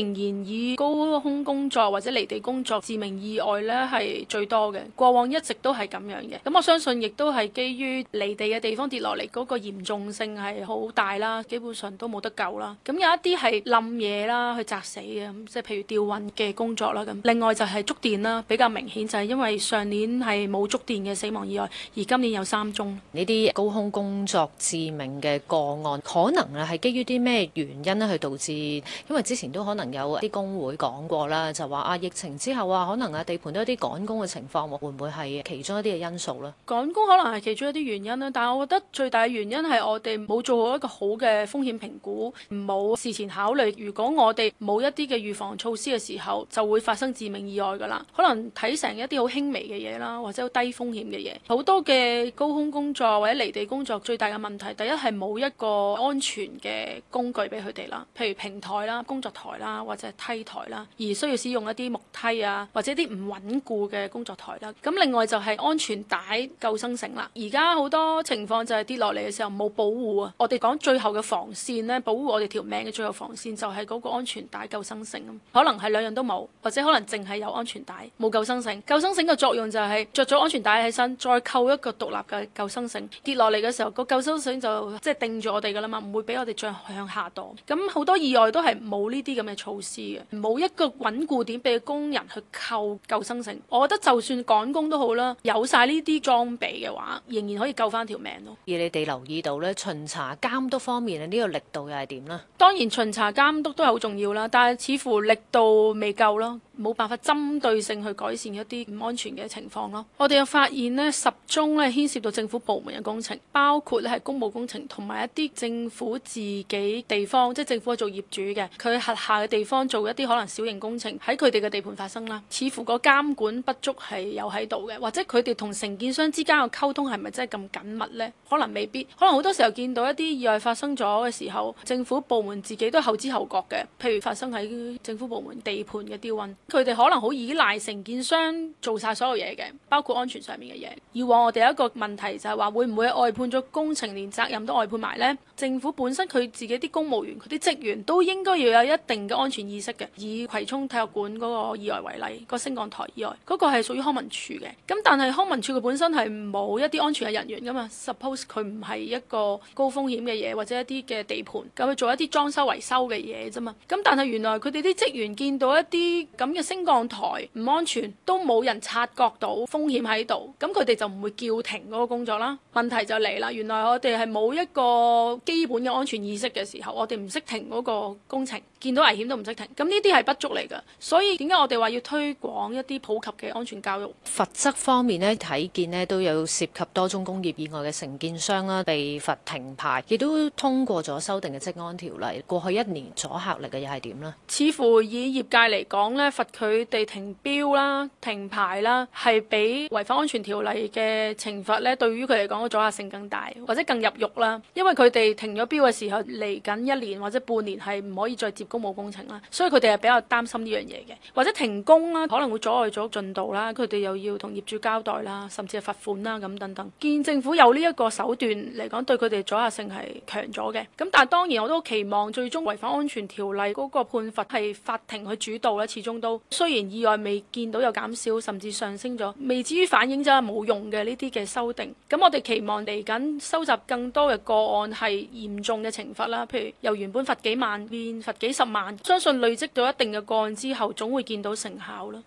仍然以高空工作或者離地工作致命意外咧係最多嘅，過往一直都係咁樣嘅。咁我相信亦都係基於離地嘅地方跌落嚟嗰個嚴重性係好大啦，基本上都冇得救啦。咁有一啲係冧嘢啦，去砸死嘅，即係譬如吊運嘅工作啦。咁另外就係觸電啦，比較明顯就係因為上年係冇觸電嘅死亡意外，而今年有三宗。呢啲高空工作致命嘅個案，可能啊係基於啲咩原因咧去導致？因為之前都可能。有啲工會講過啦，就話啊，疫情之後啊，可能啊地盤都有啲趕工嘅情況喎，會唔會係其中一啲嘅因素呢？趕工可能係其中一啲原因啦，但我覺得最大嘅原因係我哋冇做好一個好嘅風險評估，冇事前考慮。如果我哋冇一啲嘅預防措施嘅時候，就會發生致命意外㗎啦。可能睇成一啲好輕微嘅嘢啦，或者好低風險嘅嘢，好多嘅高空工作或者離地工作最大嘅問題，第一係冇一個安全嘅工具俾佢哋啦，譬如平台啦、工作台啦。或者是梯台啦，而需要使用一啲木梯啊，或者啲唔穩固嘅工作台啦。咁另外就係安全帶、救生繩啦。而家好多情況就係跌落嚟嘅時候冇保護啊。我哋講最後嘅防線咧，保護我哋條命嘅最後防線就係、是、嗰個安全帶、救生繩。可能係兩樣都冇，或者可能淨係有安全帶，冇救生繩。救生繩嘅作用就係、是、着咗安全帶起身，再扣一個獨立嘅救生繩。跌落嚟嘅時候，個救生繩就即係、就是、定住我哋噶啦嘛，唔會俾我哋再向下墮。咁好多意外都係冇呢啲咁嘅。措施嘅，冇一個穩固點俾工人去扣救生繩。我覺得就算趕工都好啦，有晒呢啲裝備嘅話，仍然可以救翻條命咯。而你哋留意到咧，巡查監督方面呢、呢個力度又係點咧？當然巡查監督都係好重要啦，但係似乎力度未夠咯。冇辦法針對性去改善一啲唔安全嘅情況咯。我哋又發現呢十宗咧，牽涉到政府部門嘅工程，包括咧係公務工程同埋一啲政府自己地方，即政府係做業主嘅，佢轄下嘅地方做一啲可能小型工程喺佢哋嘅地盤發生啦。似乎個監管不足係有喺度嘅，或者佢哋同承建商之間嘅溝通係咪真係咁緊密呢？可能未必，可能好多時候見到一啲意外發生咗嘅時候，政府部門自己都是後知後覺嘅。譬如發生喺政府部門地盤嘅吊運。佢哋可能好依賴承建商做晒所有嘢嘅，包括安全上面嘅嘢。以往我哋一個問題就係話，會唔會外判咗工程連責任都外判埋呢？政府本身佢自己啲公務員佢啲職員都應該要有一定嘅安全意識嘅。以葵涌體育館嗰個意外為例，個升降台意外嗰個係屬於康文署嘅。咁但係康文署佢本身係冇一啲安全嘅人員噶嘛？Suppose 佢唔係一個高風險嘅嘢，或者一啲嘅地盤咁去做一啲裝修維修嘅嘢啫嘛。咁但係原來佢哋啲職員見到一啲咁。嘅升降台唔安全，都冇人察覺到風險喺度，咁佢哋就唔會叫停嗰個工作啦。問題就嚟啦，原來我哋係冇一個基本嘅安全意識嘅時候，我哋唔識停嗰個工程，見到危險都唔識停。咁呢啲係不足嚟噶，所以點解我哋話要推廣一啲普及嘅安全教育。罰則方面咧，睇見咧都有涉及多宗工業意外嘅承建商啦，被罰停牌，亦都通過咗修訂嘅職安條例。過去一年阻吓力嘅又係點咧？似乎以業界嚟講咧，佢哋停標啦、停牌啦，係比違反安全條例嘅懲罰咧，對於佢嚟講個阻吓性更大，或者更入獄啦。因為佢哋停咗標嘅時候嚟緊一年或者半年係唔可以再接公務工程啦，所以佢哋係比較擔心呢樣嘢嘅，或者停工啦，可能會阻礙咗進度啦，佢哋又要同業主交代啦，甚至係罰款啦咁等等。見政府有呢一個手段嚟講，對佢哋阻吓性係強咗嘅。咁但係當然我都期望最終違反安全條例嗰個判罰係法庭去主導啦，始終都。雖然意外未見到有減少，甚至上升咗，未至於反映咗係冇用嘅呢啲嘅修訂。咁我哋期望嚟緊收集更多嘅個案係嚴重嘅懲罰啦，譬如由原本罰幾萬變罰幾十萬。相信累積咗一定嘅個案之後，總會見到成效啦。